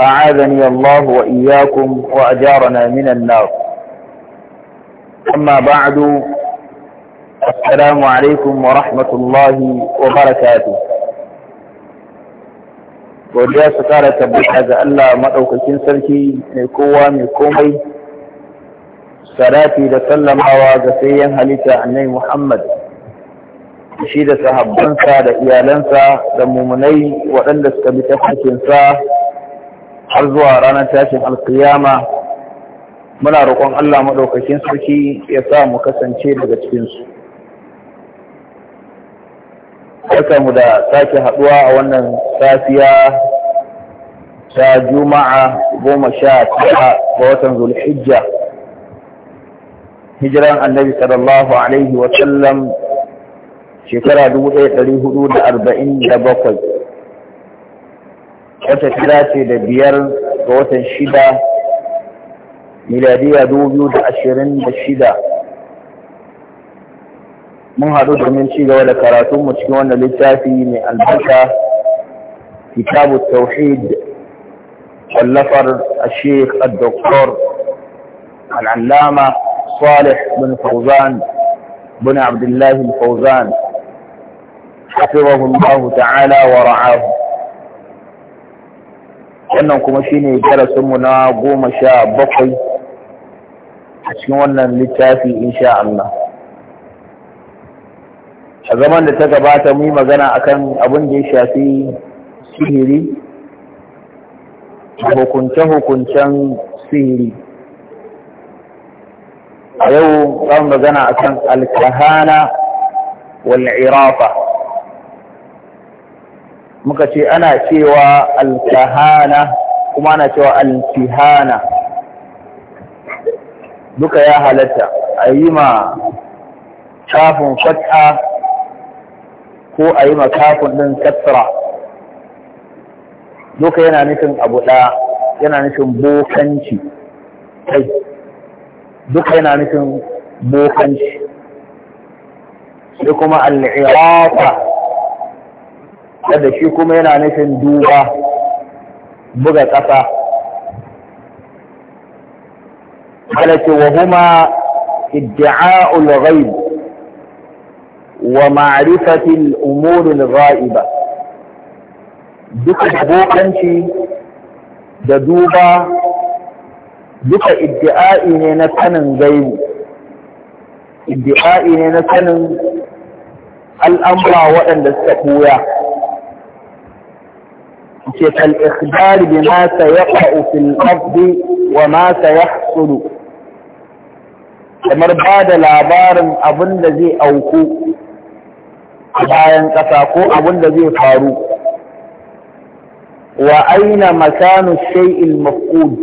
أعاذني الله وإياكم وأجارنا من النار أما بعد السلام عليكم ورحمة الله وبركاته godiya su kara tabbata ga Allah maɗaukakin sarki mai kowa mai komai sarafi da sallamawa ga sayyan halitta annai Muhammad shi da sahabbansa da iyalansa da mumunai waɗanda suka bi tafarkinsa har zuwa ranar tashin alkiyama muna roƙon Allah maɗaukakin sarki ya sa mu kasance daga cikinsu. Barka mu da sake haɗuwa a wannan safiya ta Juma'a goma sha tara ga watan Zulhijja. Hijiran annabi sallallahu Alaihi arba'in shekara bakwai. wata ta dace da biyar ga watan shida miladiya dubu biyu da ashirin da shida mun haɗu domin ci gaba da mu cikin wannan littafi mai albarka kitabu tauhid wallafar ashek al-doktor al'allama salih bin fauzan bin abdullahi fauzan حفظه الله تعالى ورعاه wannan kuma shine darasinmu na goma sha bakwai a cikin wannan littafi insha Allah a zaman da ta gabata mu yi magana akan abin da ya shafi sihiri hukunce-hukuncen sihiri a yau zan magana akan alkahana wal irafa muka ce ana cewa alkahana kuma ana cewa alkihana duka ya halatta a yi ma kafin fat'a ko a yi ma kafin ɗin kasra duka yana nufin abu ɗaya yana nufin bokanci kai duka yana nufin bokanci sai kuma al'irafa da shi kuma yana nufin duba buga ƙasa halaki wa huma iddi'a'ul ghaib wa ma'rifatil umurin ra'iba duka bokanci da duba duka iddi'a'i ne na sanin gaibu iddi'a'i ne na sanin al'amura waɗanda suka ɓuya ke kal'ikhbar bi ma ta yaƙa'u fil ardi wa ma ta yahsulu kamar ba da labarin abin da zai auku a bayan ƙasa ko abin da zai faru wa aina makanu shay'il mafqud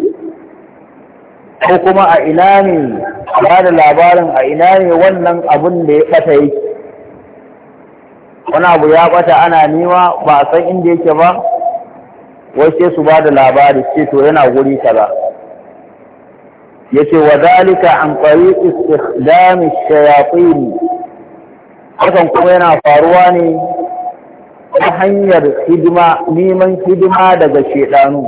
ko kuma a ina ne ba da labarin a ina ne wannan abin da ya ɓata yake wani abu ya ɓata ana nema ba a san inda yake ba wai sai su ba da labari ce to yana guri kaza yace wa zalika an qari istikhdam ash-shayatin hakan kuma yana faruwa ne ta hanyar hidima neman hidima daga shedanu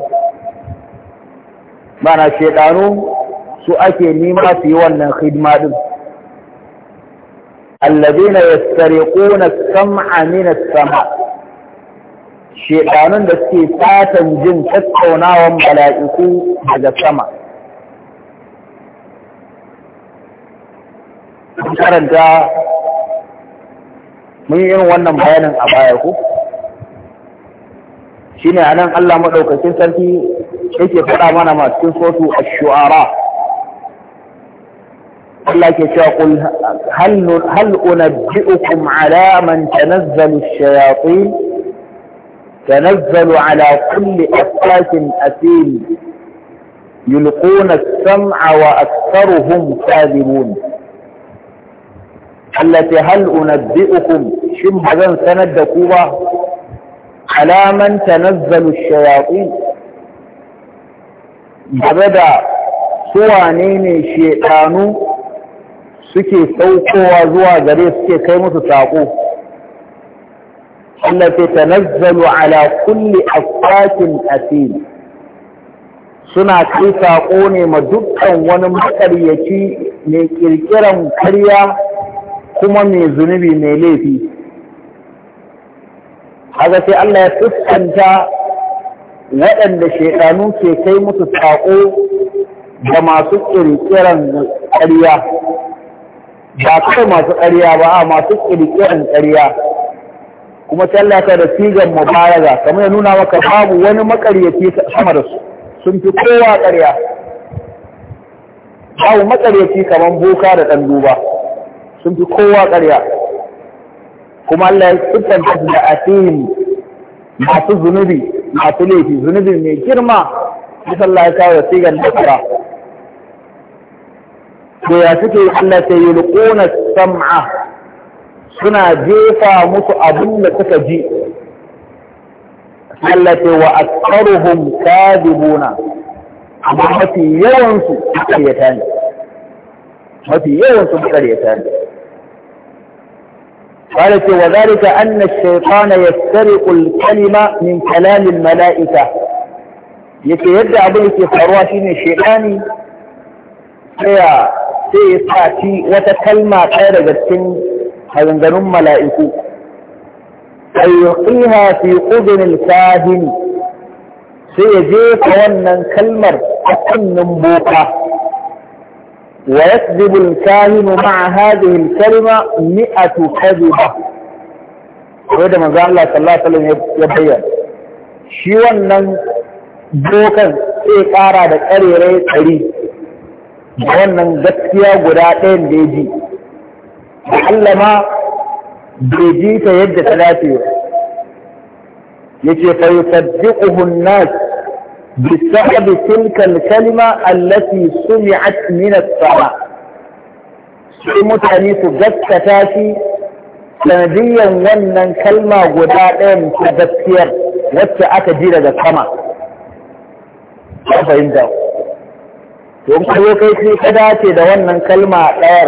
mana shedanu su ake nema su yi wannan hidima din alladhina yastariquna as-sam'a min as-sama' shekanun da suke satan jin tattaunawan mala'iku daga sama. karanta mun yi irin wannan bayanin a baya ku? shi ne a nan Allah maɗaukakin sarki yake faɗa mana masu sotu a shu'ara Allah ke cewa kul hal unabbi'ukum ala man tanazzalu shayatin تنزل على كل أفاك أثيم يلقون السمع وأكثرهم كاذبون التي هل أنبئكم شبه ذن سند كوبا على من تنزل الشياطين abada suwane شيطان سكي suke saukowa zuwa كي كي متساقو Allah ce tanazzalu ala kulli afakin asim suna kai saƙo ne ma dukkan wani makaryaci mai ƙirƙiran karya kuma mai zunubi mai laifi haka sai Allah ya fuskanta waɗanda shekanu ke kai musu saƙo da masu ƙirƙiran ƙarya ba kai masu ƙarya ba a masu ƙirƙiran ƙarya kuma ta da sigan mubalaga kamar ya nuna maka babu wani makaryaci sama da su sun fi kowa ƙarya babu makaryaci kamar boka da ɗan duba sun fi kowa ƙarya kuma Allah ya siffanta da asihim masu zunubi masu laifi zunubi mai girma bisa Allah ya kawo da sigan nasara Da ya suke Allah ta yi sam'a suna jefa musu abin da suka ji allate wa aktsaruhum kadibuna amma mafi yawansu makaryata ne mafi yawan makaryata ne قالت وذلك أن الشيطان يسترق الكلمة من كلام الملائكة yake yadda abun yake faruwa shine shekani sai ya sai ya sati wata kalma ɗaya daga cikin maganganun mala'iku ayyuqiha fi qudunil kahin sai ya jefa wannan kalmar a kunnin boka wa yakdhibu ma a ma'a kalma ni kalima mi'atu ba. ko da maza Allah sallallahu ya bayyana shi wannan bokan sai kara da ƙarerai tsari wannan gaskiya guda ɗayan da ya ji Allah ma bai ji ta yadda ta dace ba yace fa yusaddiquhu an-nas بسبب تلك الكلمة التي سمعت من السماء sai mutane su gaskata shi sanadiyyar wannan kalma guda ɗayan ta gaskiyar wacce aka ji daga sama ta fahimta don kayo kai sai ka dace da wannan kalma ɗayar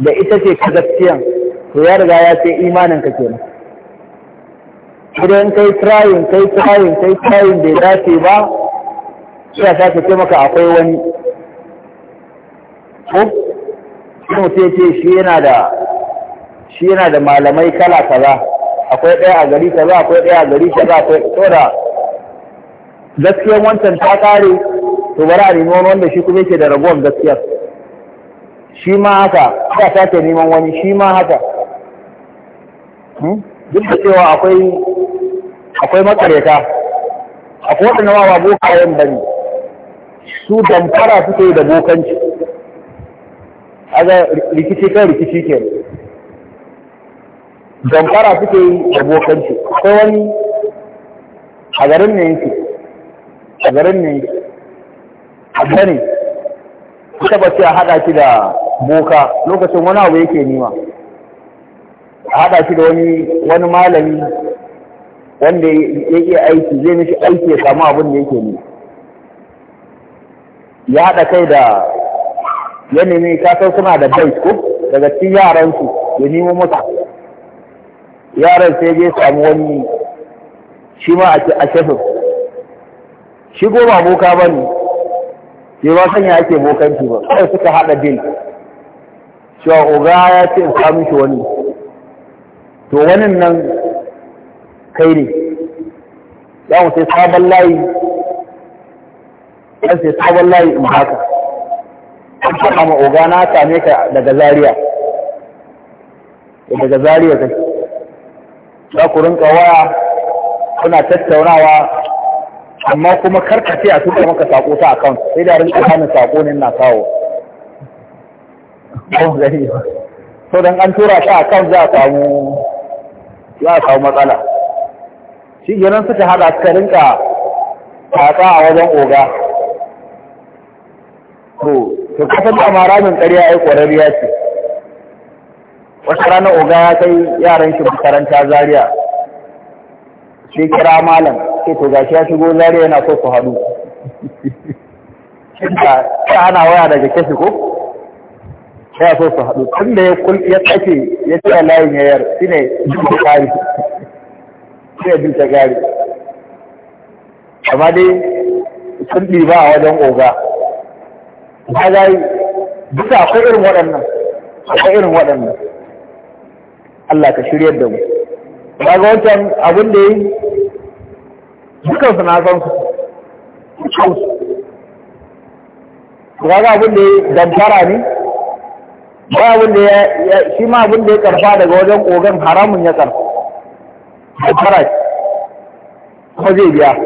da ita ce ka gaskiyan to ya riga ya ce imanin ka kenan idan kai trying kai trying kai trying bai dace ba sai ta ce maka akwai wani ko kuma sai ce shi yana da shi yana da malamai kala kaza akwai ɗaya a gari kaza akwai ɗaya a gari kaza akwai tsora gaskiyan wancan ta kare to bari a nemi wani wanda shi kuma yake da ragowar gaskiyar shi ma haka ta sake neman wani shi ma haka hmm? duk da cewa akwai akwai makareta akwai waɗanda ma ba bokayen bane su damfara suke yi da bokanci aga rikici kan rikici ke damfara suke yi da bokanci akwai wani a garin ne yake a garin ne yake a garin ta bace a haɗa shi da boka lokacin wani abu yake nima a haɗa shi da wani wani malami wanda yake aiki zai mishi aiki ya samu abin da yake nima ya haɗa kai da ya nemi kasar suna da bai ko daga cikin yaransu ya nemo mata yaran sai zai samu wani shi ma a shafin shi goma boka ba ne bai ba sanya ake bokanci ba kawai suka haɗa bil cewa oga ya ce in samu shi wani to wani nan kai ne za mu sai sabon layi ɗan sai sabon layi in haka an faɗa ma oga na same ka daga zaria daga zaria kai za ku rinka waya kuna tattaunawa amma kuma ce a tuka maka sako ta account sai da rinka hannun sako ne na kawo so dan an tura ta account za a samu za a samu matsala shi kenan suka hada suka rinka tsatsa a wajen oga to to kasan da maramin ƙarya ai ƙwararriya ce wata ranar oga ya kai yaran shi makaranta zaria sai kira malam sai to gashi ya shigo zariya yana so ku haɗu ta ana waya daga kashi ko ya so su haɗu tun da ya tsake ya tsaya layin yayar shi ne duka kari shi ne duka gari amma dai sun ɗiba a wajen oga ba za duka akwai irin waɗannan akwai irin waɗannan Allah ka shiryar da mu ba ga wancan abin da yi dukansu na san su ba abin abinda ya damfara ne ba abinda ya shi ma abin ya karfa daga wajen kogon haramun ya karfa damfara kuma zai biya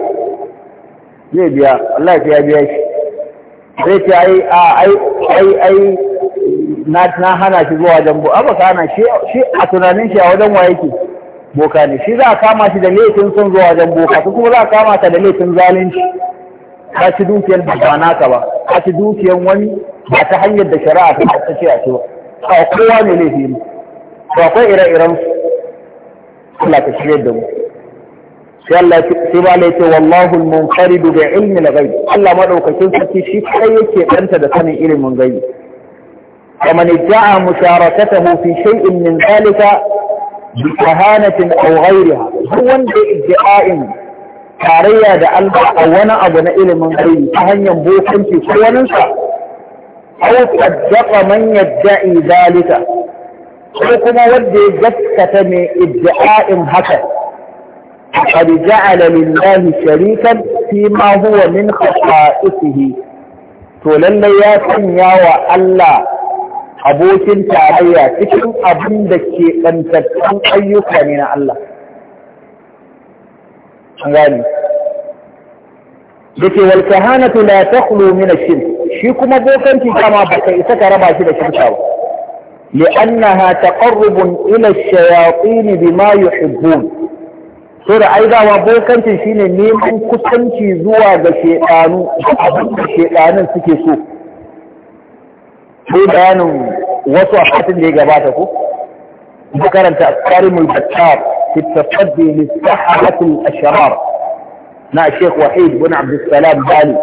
zai biya Allah ya biya shi zai ce ai ai ai ai na hana shi zuwa Jambo. abu amma kana shi a tunanin shi a wajen wa yake boka ne shi za a kama shi da laifin son zuwa wajen boka su kuma za a kama ta da laifin zalunci ba ci dukiyar da ba naka ba ka ci dukiyar wani ba ta hanyar da shari'a ta ta ce a ce ba a kowa ne laifi ne to akwai ire-iren su Allah ta shirya da mu sai Allah sai ba la yace wallahu al-munfaridu bi ilmi al ghayb Allah madaukakin sarki shi kai yake danta da sanin ilimin gayi ومن ja'a مشاركته fi shay'in min zalika بكهانة أو غيرها هو ادعاء tarayya da Allah a wani abu na ilimin gaibi ta hanyar bokanci ko waninsa aw saddaqa man yadda'i zalika ko kuma wanda ya gaskata mai iddia'in haka qad ja'ala lillahi sharikan fi ma huwa min khasa'isihi to lallai ya sanya wa Allah abokin tarayya cikin abin da ke ɗantattun ayyuka ne na Allah. An gani. Dake wal kahanatu la takhlu min ash-shirk shi kuma bokanci kama baka isa ka raba shi da shirka ba ta taqarrubun ila ash-shayatin bima yuhibbun so da aizawa, dawa bokanci shine neman kusanci zuwa ga shedanu abin da shedanun suke so ko bayanin wasu a fatin da ya gabata ko da karanta karimul battar fi tafaddi li sahabatul ashrar na Sheikh Wahid bin Abdul Salam Bali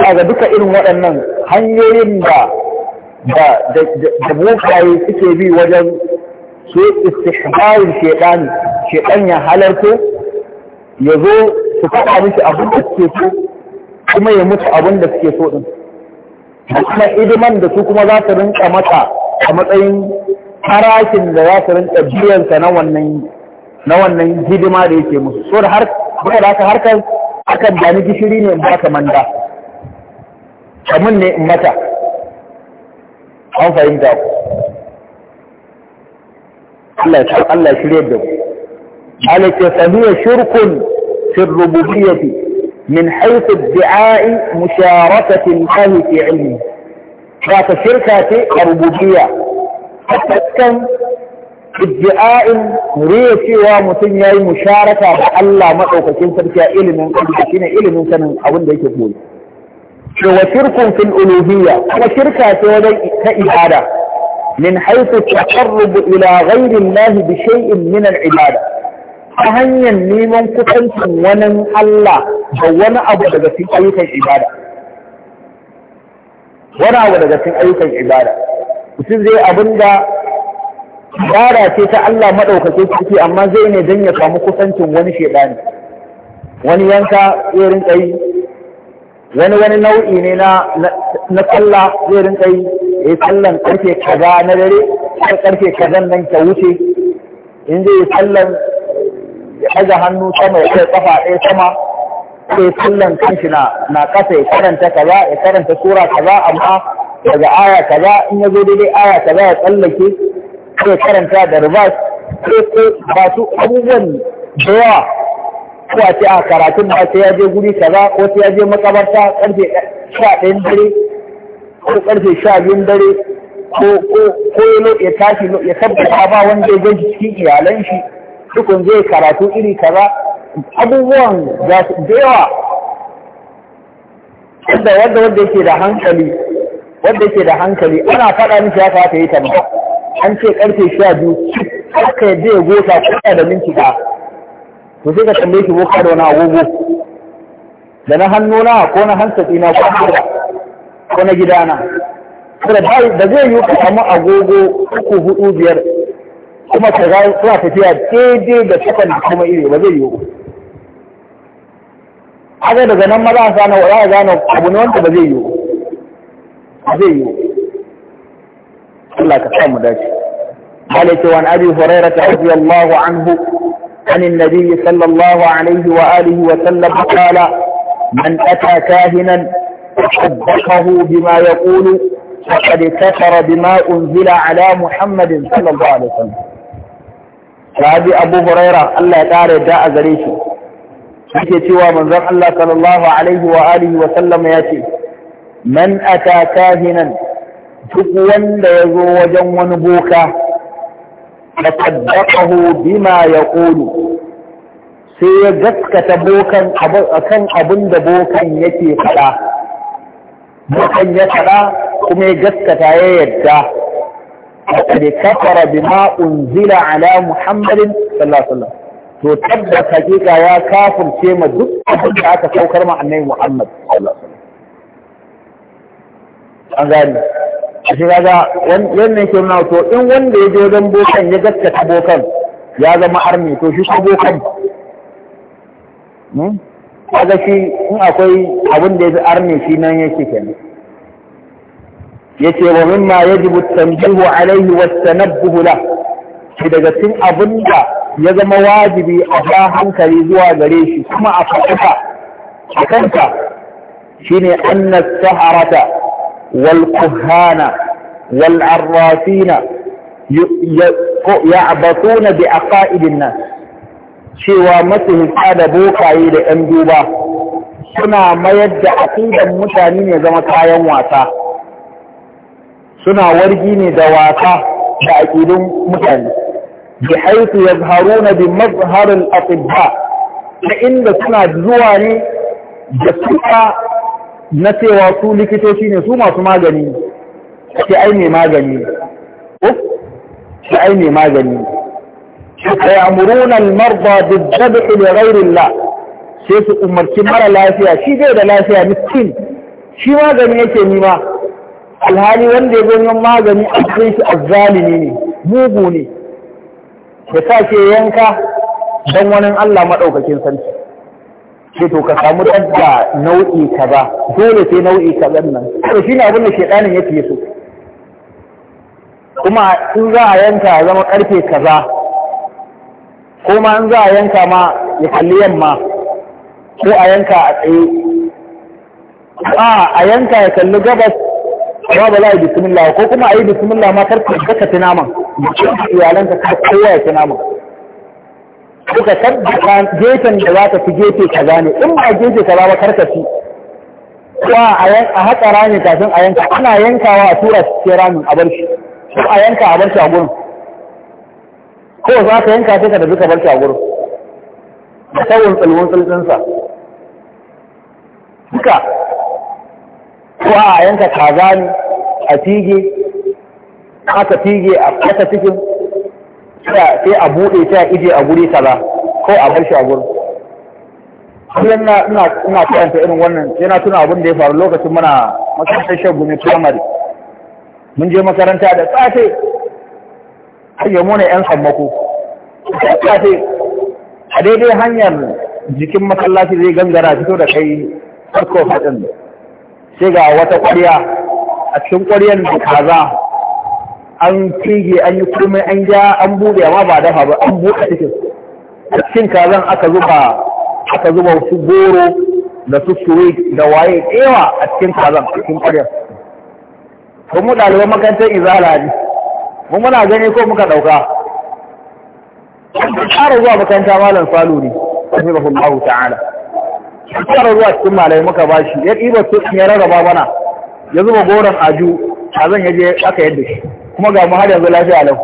kaga duka irin waɗannan hanyoyin da da da suke bi wajen su istihbarin shedan shedan ya halarto ya zo su faɗa miki abin da suke so kuma ya mutu abin da suke so din da kuma idiman da su kuma za su rinka mata a matsayin farashin da za su rinka biyansa na wannan na wannan hidima da yake musu so da har baka da harkar akan ba ni gishiri ne in ka manda kamun ne in mata an fahimta ku Allah ya Allah shirye da ku alaka sabiya shirkun fi rububiyyati من حيث ادعاء مشاركة الله في علمه ذات شركة الربوبية تتكن ادعاء مريك ومتنيا مشاركة بألا كنت بك إلم قبلتين إلم سنن أول ديك هو وشرك في الألوهية وشركة كإبادة من حيث التقرب إلى غير الله بشيء من العبادة ta hanyar neman kusancin wani Allah da wani abu daga cikin ayyukan ibada wani abu daga cikin ayyukan ibada mutum zai abin da ibada ce ta Allah maɗaukake ciki amma zai ne don ya samu kusancin wani shaidani wani yanka zai rinka yi wani wani nau'i ne na sallah zai rinka yi ya yi sallan karfe kaza na dare ta karfe kaza nan ta wuce in zai yi sallan ya ɗaga hannu sama ya kai kafa ɗaya sama sai kullum kanshi na na kasa ya karanta kaza ya karanta sura kaza amma daga aya kaza in ya zo daidai aya kaza ya tsallake sai karanta da rubas sai ko ba su abubuwan da yawa ko a ce a karatun ba sai ya je guri kaza ko sai ya je makabarta karfe sha ɗaya dare ko karfe sha biyun dare ko ko ko ya tashi ya tabbata ba wanda ya gaji cikin iyalan shi tukun zai karatu iri kaza abubuwan da yawa wanda wanda wanda yake da hankali wanda yake da hankali ana faɗa miki haka kamata yi ta tambaya an ce karfe sha biyu aka yadda ya gota kuɗa da minti ɗaya to sai ka tambaye shi boka da wani agogo da na hannuna ko na hantsatsi na ko na ko na gidana da zai yi ka samu agogo uku hudu biyar kuma ta ga suna tafiya daidai da sakon kuma iri ba zai yi yiwu haka daga nan ma za a gane za gano gane abu ne wanda ba zai yiwu ba zai yiwu Allah ka samu dace قال عن أبي هريرة رضي الله عنه عن النبي صلى الله عليه وآله وسلم قال من أتى كاهنا فصدقه بما يقول فقد كفر بما أنزل على محمد صلى الله عليه وسلم rabi abu huraira Allah ya kare da a gare shi ke cewa manzon Allah sallallahu alaihi wa alihi wa sallam ya ce man ata kahinan duk wanda ya zo wajen wani boka da kaddaqahu bima yaqulu sai ya gaskata bokan akan abin da bokan yake faɗa bokan ya faɗa kuma ya gaskata ya yadda لقد كفر بما أنزل على محمد صلى الله عليه وسلم to tabbas hakika ya kafirce ma duk abin da aka saukar ma annabi Muhammad sallallahu alaihi wasallam an gani a shi kaga wannan ke nuna to in wanda ya je wajen bokan ya gaskata bokan ya zama arni to shi ko bokan kaga shi in akwai abin da ya fi arni shi nan yake kenan yace wa mimma yajibu tanbihu alaihi wa tanabbuhu la shi daga cikin abin da ya zama wajibi a ba hankali zuwa gare shi kuma a faɗa a kanka shine anna saharata wal kuhana wal arrafina na bi aqaidin nan, cewa masu hisa da bokaye da 'yan duba suna mayar da aƙidan mutane ne zama kayan wasa suna wargi ne da wasa da aƙidun mutane bi haitu yazharuna bi mazharil atibba ta inda suna zuwa ne da suka na cewa su likitoci ne su masu magani ke ai mai magani ke ai mai magani ya'muruna al-marda bi-dhabhi sai su umarci mara lafiya shi zai da lafiya miskin shi magani yake nima alhali wanda ya zo magani a cikin shi azzalimi ne mugu ne ya sa ke yanka don wani Allah maɗaukakin sarki ce to ka samu dabba nau'i kaza dole sai nau'i kaza nan to shine abin da shedanin ya fiye so kuma in za a yanka zama karfe kaza ko ma in za a yanka ma ya kalli yamma ko a yanka a tsaye a a yanka ya kalli gabas ba ba za a yi bismillah ko kuma a yi bismillah ma karka da ka fi naman iyalanka ka kowa ya fi naman Kuka ka tabbata gefen da za ka fi gefe ka gane, in ba gefe ka ba karka ci kuma a haƙa rami kafin a yanka ana yankawa a tura ke ramin a barci, ko a yanka a barci a gurin ko za ka yanka sai ka da duka barci a gurin da tsawon tsalwon tsaltsinsa duka ko a yanka kaza ne a fige aka fige a kasa cikin sai a buɗe sai a ije a guri kaza ko a bar shi a guri kullum na ina ina karanta irin wannan sai na tuna abin da ya faru lokacin muna makarantar shan gumi primary mun je makaranta da tsafe hanyar mu ne yan sammako tsafe a daidai hanyar jikin masallaci zai gangara fito da kai farko faɗin sai ga wata ƙwarya a cikin ƙwaryar da kaza an kege an yi komai an ja an buɗe amma ba dafa ba an buɗe cikin a cikin kazan aka zuba aka zuba su goro da su suwe da waye ɗewa a cikin kazan a cikin ƙwaryar ko mu ɗaliban makarantar izala ne mu muna gani ko muka ɗauka an ƙara zuwa makaranta malam Salo, ne rahimahullahu ta'ala tsara ruwa cikin malai muka bashi ya ɗiba su ya rarraba mana ya zuba goron aju a zan yaje aka yadda shi kuma ga mu har yanzu lafiya lau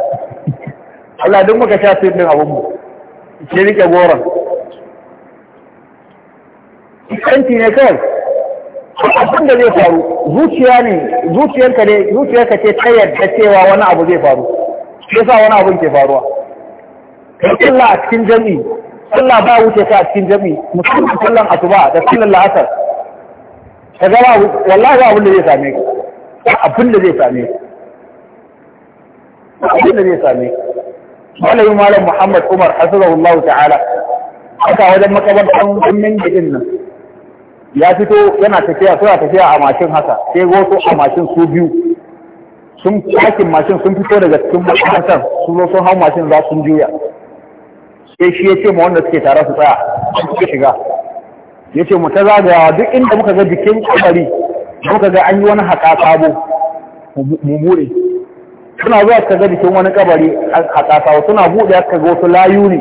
Allah duk muka sha su din abun mu ke rike goron kanti ne kawai abin da zai faru zuciya ne zuciyarka ne zuciyarka ce ta yadda cewa wani abu zai faru shi sa wani abun ke faruwa kai illa a cikin jami'i sallah ba wuce ta a cikin jami musamman sallan asuba da sallan la'asar ka ga wallahi ba abin da zai same ka abin da zai same ka abin da zai same ka malayi malam muhammad umar allah ta'ala haka wajen makabantan gummin gidin nan ya fito yana tafiya suna tafiya a mashin haka sai goto a mashin su biyu sun kakin mashin sun fito daga cikin makarantar sun zo sun hau mashin za sun juya sai shi ya ce ma wanda suke tare su tsaya suka shiga ya ce mu ta zagayawa duk inda muka ga jikin kabari muka ga an yi wani haƙa sabo mu mure suna zuwa suka ga jikin wani kabari haƙa sabo suna buɗe suka ga wasu layu ne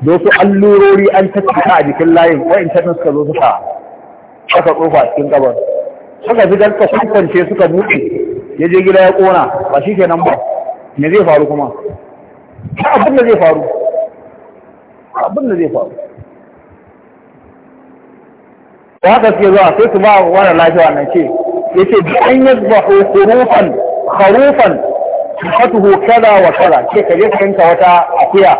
da wasu allurori an tattaka a jikin layin wa'in tattalin suka zo suka aka tsofa a cikin kabar suka fi dalka kwantance suka buɗe ya je gida ya ƙona ba shi kenan ba me zai faru kuma ta abin da zai faru abin da zai faru da haka suke zuwa sai su ba wani lafiya nan ce ya ce bi an yi zuwa hurufan harufan kaza wa kaza ce ka je kanka wata akuya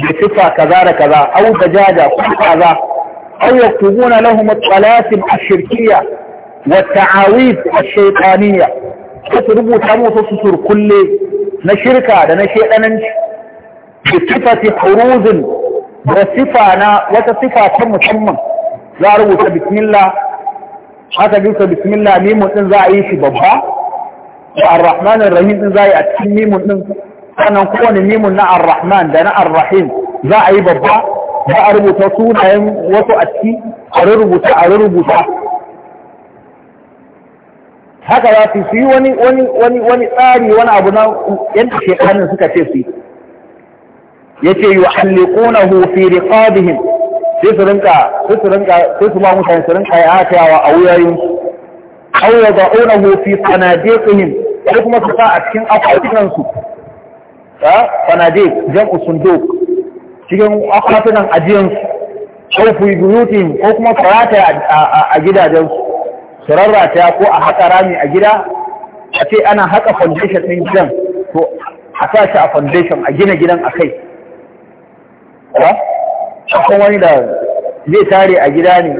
da sifa kaza da kaza au da jaja ko kaza au yaktubuna lahum at-talasim ash-shirkiyya wa at a shaitaniya. shaytaniyya su rubuta musu su kulle na shirka da na shedananci bi sifati huruzin na wata sifa ta musamman za a rubuta bismillah haka bisa bismillah mimun din za yi shi babba ar-rahman ar-rahim din za yi a cikin mimun din na ar da na rahim za a yi babba za a rubuta sunayen wasu a a rubuta rubuta haka za su yi wani tsari wani abu na yadda shekarar suka ce su yi yace yu'alliqunahu fi riqabihim sai su rinka sai su rinka sai su ma mutane su rinka yatawa a wuyayin aw yad'unahu fi sanadiqihim ko kuma su sa a cikin akwatinansu. su ta sanadiq jam'u sunduq cikin akwatinan ajiyansu. su ko fi buyutin ko kuma farata a gidajensu. su su rarrata ko a haƙa rami a gida a ce ana haƙa foundation ɗin gidan to a sa shi a foundation a gina gidan a kai ba akwai wani da zai tare a gida ne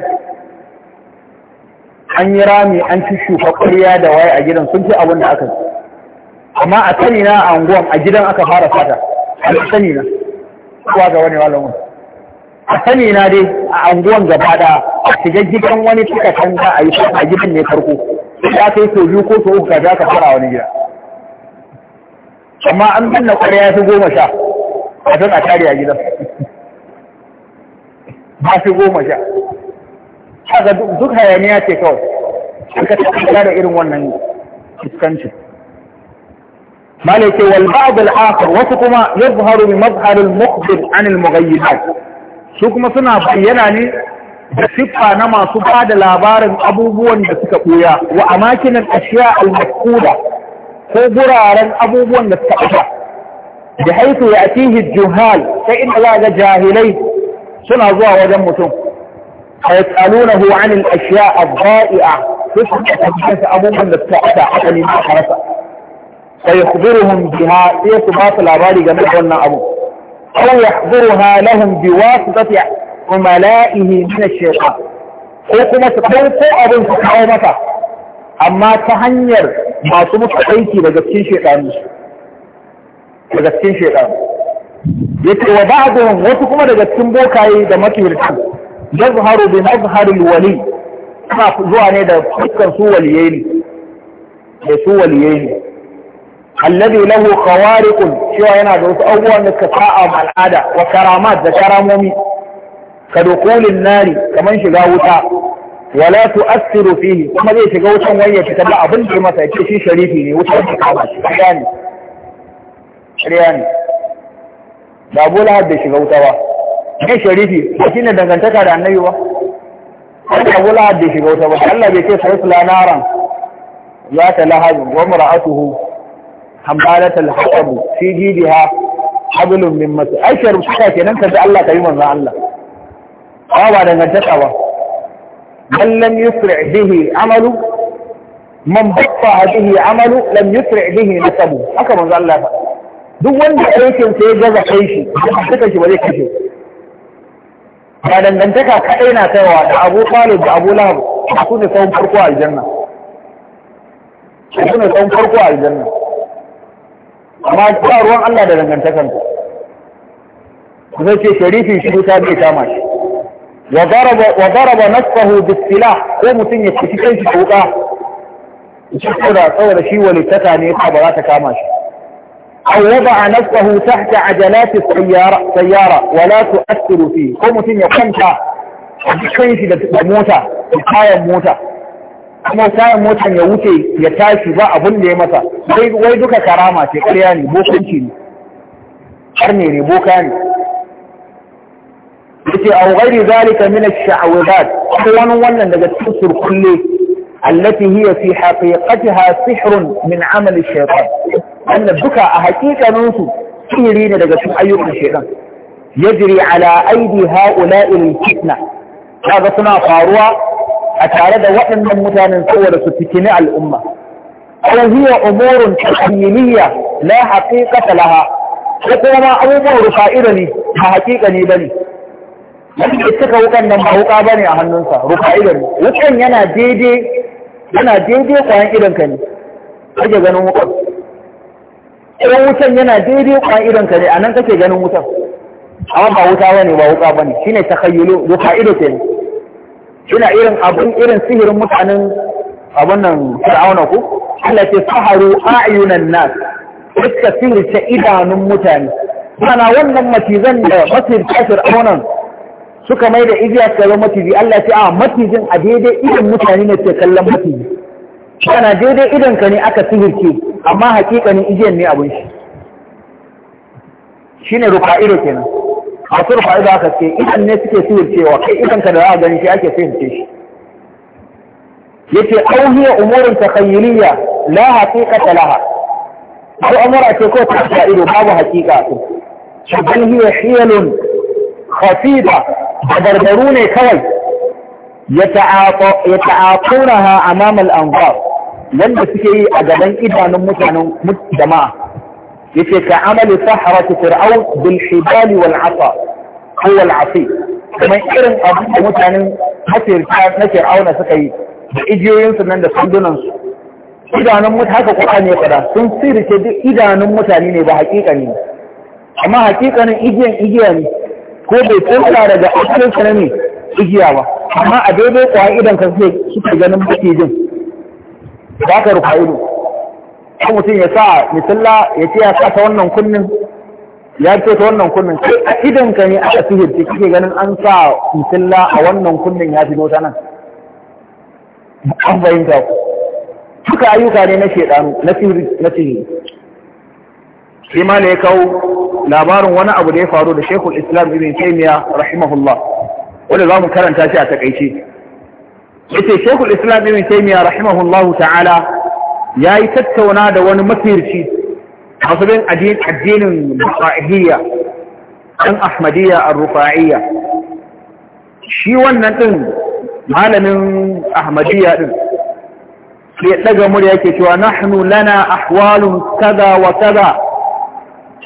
an yi rami an ci shuka ƙwarya da waye a gidan sun ce abin da aka amma a sani na a anguwan a gidan aka fara fata a sani na kuwa ga wani walamun a sani na dai a anguwan gaba da a shiga gidan wani suka canza a yi a gidan ne farko ya kai so biyu ko so uku ka za ka fara wani gida amma an binne ƙwarya ya fi goma sha a don a tare a gidan ba fi goma sha haka duk hayaniya ce kawai haka ta kasa da irin wannan fuskanci malaike wal ba'd al akhar wasu kuma yadhharu bi mazhar al mukhbir an al mughayyibat su kuma suna bayyana ne da siffa na masu ba da labarin abubuwan da suka buya wa a ashiya al-maqquda ko guraren abubuwan da suka ɓuya bi haythu ya'tihi al-juhal sai inda za ga jahilai suna zuwa wajen mutum a yas'alunahu anil ashya ad-da'i'a sai su ka tambaye abubuwan da suka ada akali na karasa fa yakhbiruhum biha sai su ba su labari game da wannan abu aw yakhbiruha lahum biwasitati umala'ihi min ash-shaytan ko kuma su ɗauko abin su kawo mata amma ta hanyar masu musu aiki daga cikin shaytanu daga cikin shaytanu yake wa ba'dhum wasu kuma daga cikin bokaye da makirtan yazharu bi mazharil wali suna zuwa ne da fuskar su waliyai ne da su waliyai ne alladhi lahu khawariqun cewa yana da wasu abubuwan da suka a al'ada wa karamat da karamomi ka dukulin nari kamar shiga wuta wala tu'assiru fihi kuma zai shiga wutan wayya fitar da abin da masa yake shi sharifi ne wutan kama shi ne da abu lahab bai shiga wuta ba ne sharifi ba shi ne dangantaka da annabi ba wanda abu lahab bai shiga wuta ba Allah bai ce sai la'Naran, naran za ta lahab wa mar'atuhu hambalat al-hatab fi jidiha hablum min mas ashar suka kenan kaza Allah yi manzo Allah ba ba dangantaka ba man lam yusri bihi amalu man batta bihi amalu lam yusri bihi nasabu haka manzo Allah ya faɗa duk wanda aikin sai ya gaza kai shi duka shi ba zai kashe ba dangantaka kaɗai na kaiwa da abu talib da abu lahab a su ne tsawon farko a aljanna su ne tsawon farko a aljanna amma ba ruwan Allah da dangantakan ku zai ce sharifin shi ta bai kama shi wa zaraba nasahu bisilah ko mutum ya fiti kanshi ko ka shi saboda shi walittaka ne ba za ta kama shi أو وضع نفسه تحت عجلات السيارة سيارة ولا تؤثر فيه ko mutum ya kwanta a jikin shi da mota da kayan mota kuma kayan motan ya wuce ya tashi ba abin da ya masa wai duka karama ce ƙarya ne bokanci ne har ne ne boka ne ce a ghairi zalika min ash-sha'awadat ko wani wannan daga cikin surkulle allati hiya fi haqiqatiha sihrun min amal ash-shaytan wannan duka a hakikanin su sihiri ne daga cikin ayyukan shaytan yajri ala aidi ha'ula'i al-fitna kaga suna faruwa a tare da waɗannan mutanen saboda su fitini al'umma aw hiya umurun tahyiliyya la haqiqata laha ko ba ne cika wukan nan ba wuka bane a hannunsa rufa'ira ne wukan yana daidai yana daidai kwayan idan ka ne kake ganin wutan. ɗan wutan yana daidai kwayan idan ka ne a nan kake ganin wutan. amma ba wuta ba ne ba wuta ba ne shi ne takayyulo da ido ke shina irin abin irin sihirin mutanen abin nan fir'auna ku Allah ce saharu a'yunan nas sihir ta idanun mutane mana wannan macizan da kafir aunan suka mai da igiya suka zama maciji Allah ce a ah, macijin a daidai idan mutane ne ke kallon maciji kana daidai idan ka ne aka sihirce amma hakikanin igiyan ne abin shi shine rufa'ido kenan masu rufa'ido aka ce idan ne suke sihircewa kai idan ka da za a gani shi ake sihirce shi yace aw hiya umurun takhayyuliyya la haqiqata laha ko amara ce ko ta ido babu haqiqa to bal hiya hiyalun khafida dabarbaru ne kawai ya ta'afuna ha a mamal anfar Wanda suke yi a gaban idanun mutanen jama'a ya ce ka amali saharatu fir'au bil hibali wal asa ko wal asi kuma irin abin da mutanen na fir'auna suka yi da igiyoyinsu nan da sandunansu idanun mutane haka kuɗa ne kuɗa sun sirrice duk idanun mutane ne ba hakika ne amma hakikanin igiyan igiya ne ko bai tsinta daga asalin sa ne igiya ba amma a daidai kwayan idan ka sai suka ganin makijin ba ka rufa ido ko mutum ya sa misalla ya ce ya sa ta wannan kunnin ya ce ta wannan kunnin sai a idan ka ne aka sihirce kake ganin an sa misalla a wannan kunnin ya fito ta nan an fahimta ku duka ayyuka ne na shedanu na sihiri sai ma ne ya kawo labarin wani abu da ya faru da Sheikhul Islam Ibn Taymiyyah rahimahullah wanda zamu karanta shi a takeice yace Sheikhul Islam Ibn Taymiyyah rahimahullah ta'ala yayi tattauna da wani mafirci hasabin addinin Bukhariya dan Ahmadiyya ar-Rufa'iyya shi wannan din malamin Ahmadiyya din sai daga murya yake cewa nahnu lana ahwalun kaza wa kaza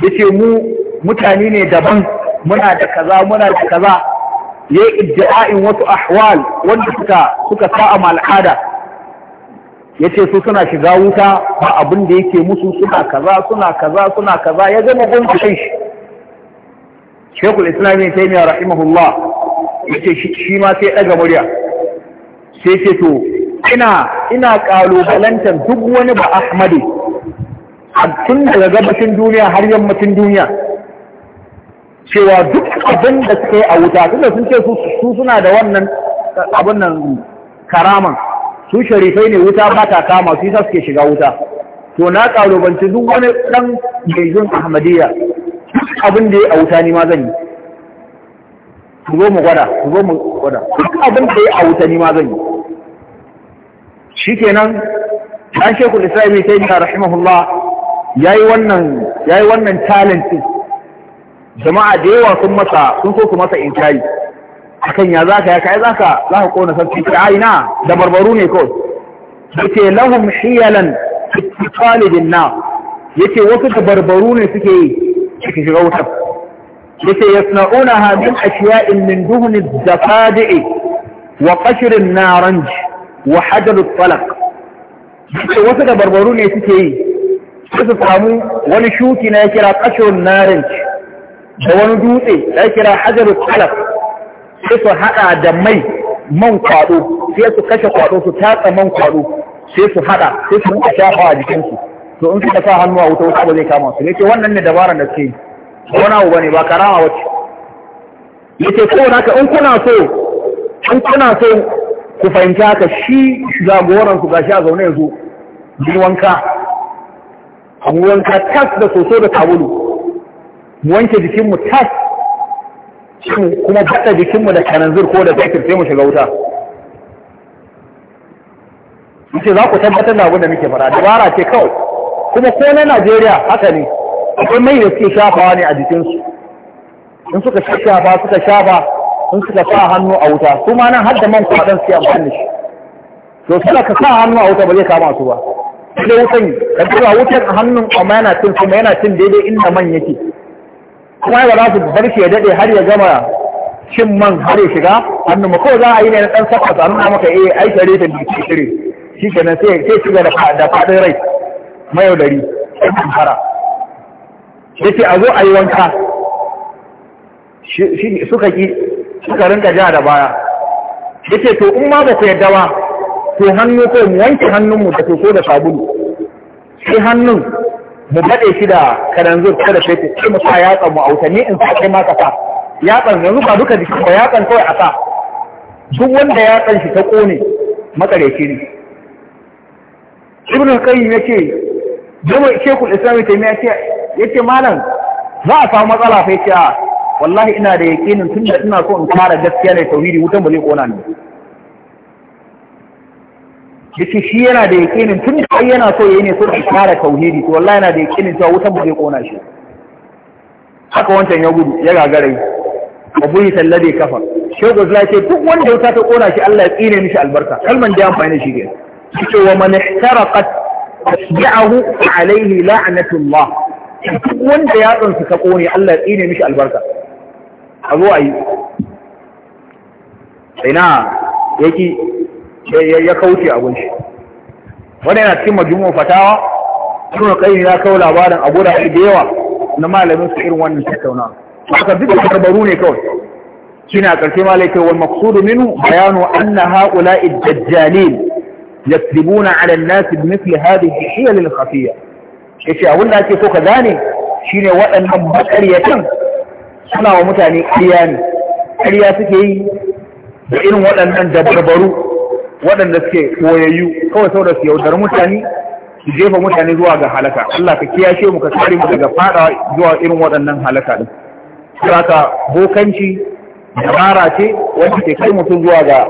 yace mu mutane ne daban muna da kaza muna da kaza ya yi iddia'in wasu ahwal wanda suka suka sa'a al'ada ya ce su suna shiga wuta ba abin da yake musu suna kaza suna kaza suna kaza ya zama gungun shi shekul islam ne taimiyya rahimahullah ya ce shi ma sai ɗaga murya sai ce to ina ina ƙalubalantar duk wani ba ahmadi tun daga gabashin duniya har yammacin duniya cewa duk abin da suka yi a wuta tunda sun ce su suna da wannan abin nan karaman su sharifai ne wuta ba ta kama su yasa suke shiga wuta to na kalubanci duk wani dan gaijin ahmadiyya abin da ya a wuta ni ma zan yi ku zo mu gwada ku zo mu gwada duk abin da ya a wuta ni ma zan yi shikenan dan shekul islami sai ya rahimahullah yayi wannan yayi wannan challenge jama'a da yawa sun masa sun so su masa inkari akan ya zaka ya kai zaka zaka kona sarki ta aina da barbaru ne kawai yace lahum hiyalan ittiqalidin na yace wasu da barbaru ne suke yi suke shiga wutar yace yasna'unaha min ashiya'in min duhni zafadi'i wa qashrin naranj wa hajar talaq yace wasu da barbaru ne suke yi su samu wani shuki na ya kira qashrun naranj da wani dutse da kira hajarul talaf sai su hada da mai man kwado sai su kashe kwado su tatsa man kwado sai su hada sai su rinka shafa a jikinsu to in suka sa hannu a wuta wuta ba zai kama su ne ce wannan ne dabaran da suke wani abu bane ba karama wacce ya ce ko naka in kuna so in kuna so ku fahimci haka shi jagoran su, gashi a zaune yanzu yi wanka a wanka tas da soso da tabulu mu wanke jikinmu tas kuma baɗa jikinmu da kananzir ko da zakir sai mu shiga wuta ce za ku tabbatar da abin da muke fara dabara ce kawai kuma ko na najeriya haka ne akwai mai da suke shafawa ne a jikinsu in suka shafa suka shafa in suka sa hannu a wuta su ma nan har da man kwaɗan suke amfani da shi to suna ka sa hannu a wuta ba zai kama su ba sai wutan ka tura wutan hannun amma yana cin kuma yana cin daidai inda man yake kuma ba za su bar shi ya daɗe har ya gama cin man har ya shiga hannun mu kawai za a yi ne na ɗan su, a nuna maka eh ai tare da ke shiri shi kenan sai sai shiga da faɗin rai mayaudari sai Ya ce a zo a yi wanka suka ki suka rinka ja da baya Ya ce to in ma ba ku yadda ba to hannu ko mu wanke hannunmu da toko da sabulu sai hannun mu baɗe shi da zuwa kada sai ke ce mu sa yatsan mu wuta ni in sa kai ma ka sa yatsan yanzu ba duka jikin ba yatsan kawai a sa duk wanda yatsan shi ta kone makareci ne ibnu qayyim ce, jama shekul islami taymiya yace yace malam za a samu matsala fa yace ah, wallahi ina da yaƙinin tunda ina so in fara gaskiya ne tauhidi wutan ba zai kona ni yace shi yana da yaƙinin, tun da ai yana so yayi ne sun ya kare tauhidi to wallahi yana da yaƙinin, cewa wutan ba zai kona shi haka wancan ya gudu ya gagara yi wa buhi tallade kafa shego zai ce duk wanda wuta ta kona shi Allah ya tsine mishi albarka kalman da amfani da shi ke ce wa man ihtaraqat tasbi'ahu alayhi la'natullah duk wanda ya tsansa ta kone Allah ya tsine mishi albarka a zo ayi ina yaki ya kauce abin shi wani yana cikin majmu'u fatawa sun kai ya kawo labarin a gurare da yawa na malamin su irin wannan tattauna haka duk da barbaru ne kawai shine a ƙarshe malaikai wal maqsudu minhu bayanu anna ha'ula'i dajjalin yaktibuna 'ala an-nas bi mithli hadhihi hiyal al-khafiyya yace abin da ake so ka gane shine waɗannan maƙaryatan suna wa mutane ƙarya ne ƙarya suke yi da irin waɗannan dabarbaru waɗanda suke koyayyu kawai saboda su yaudar mutane su jefa mutane zuwa ga halaka Allah ka kiyashe mu ka kare mu daga fada zuwa irin waɗannan halaka din ka bokanci dabara ce wanda ke kai mutum zuwa ga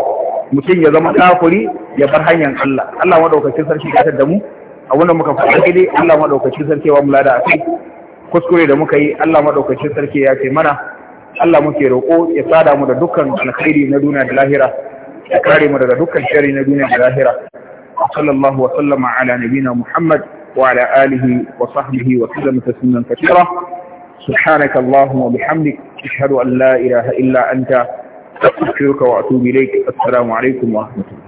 mutum ya zama kafuri ya bar hanyar Allah Allah maɗaukacin sarki ya tada mu a wannan muka fara gidi Allah maɗaukacin sarki wa mulada a kai kuskure da muka yi Allah maɗaukacin sarki ya kai mana Allah muke roƙo ya sada mu da dukkan alkhairi na duniya da lahira ya kare mu daga dukkan shari na duniya da lahira sallallahu wa sallama ala nabina muhammad wa ala alihi wa sahbihi wa sallama tasliman kathira سبحانك اللهم وبحمدك أشهد أن لا إله إلا أنت أستغفرك وأتوب إليك السلام عليكم ورحمة الله